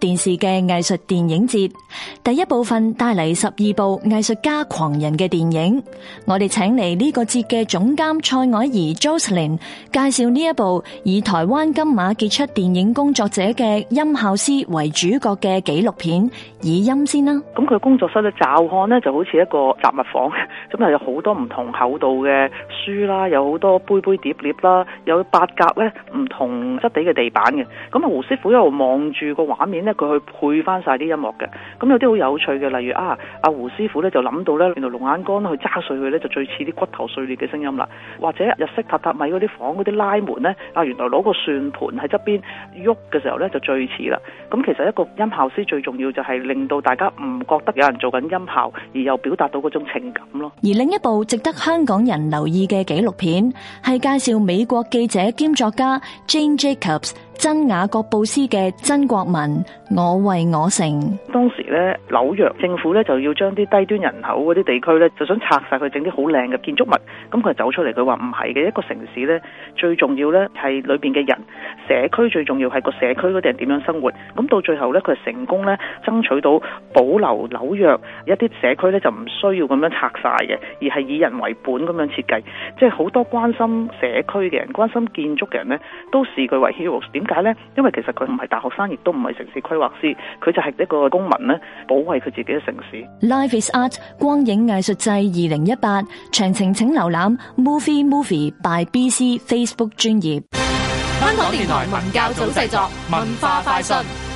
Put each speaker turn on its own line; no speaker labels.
電視嘅藝術電影節，第一部分帶嚟十二部藝術家狂人嘅電影，我哋請嚟呢個節嘅總監蔡藹儀 Jocelyn 介紹呢一部以台灣金馬傑出電影工作者嘅音效師為主角嘅紀錄片，
以音先啦。咁佢工作室咧，驟看咧就好似一個雜物房，咁啊有好多唔同厚度嘅書啦，有好多杯杯碟碟啦，有八格咧唔同質地嘅地板嘅。咁啊，胡師傅一路望住個畫面。即佢去配翻晒啲音樂嘅，咁有啲好有趣嘅，例如啊，阿、啊、胡師傅咧就諗到咧，原來龍眼乾去揸碎佢咧就最似啲骨頭碎裂嘅聲音啦，或者日式榻榻米嗰啲房嗰啲拉門咧，啊，原來攞個算盤喺側邊喐嘅時候咧就最似啦。咁其實一個音效師最重要就係令到大家唔覺得有人做緊音效，而又表達到嗰種情感咯。
而另一部值得香港人留意嘅紀錄片係介紹美國記者兼作家 Jane Jacobs。真雅各布斯嘅真國民，我為我城。當
時咧，紐約政府咧就要將啲低端人口嗰啲地區咧，就想拆晒佢，整啲好靚嘅建築物。咁、嗯、佢走出嚟，佢話唔係嘅。一個城市咧，最重要咧係裏邊嘅人，社區最重要係個社區嗰啲人點樣生活。咁到最後咧，佢係成功咧爭取到保留紐約一啲社區咧，就唔需要咁樣拆晒嘅，而係以人為本咁樣設計。即係好多關心社區嘅人、關心建築嘅人咧，都視佢為 heroes。點解咧，因為其實佢唔係大學生，亦都唔係城市規劃師，佢就係一個公民咧，保衛佢自己嘅城市。
Life is Art，光影藝術祭二零一八，詳情請瀏覽 movie movie by BC Facebook 專頁。
香港電台文教組製作，文化快訊。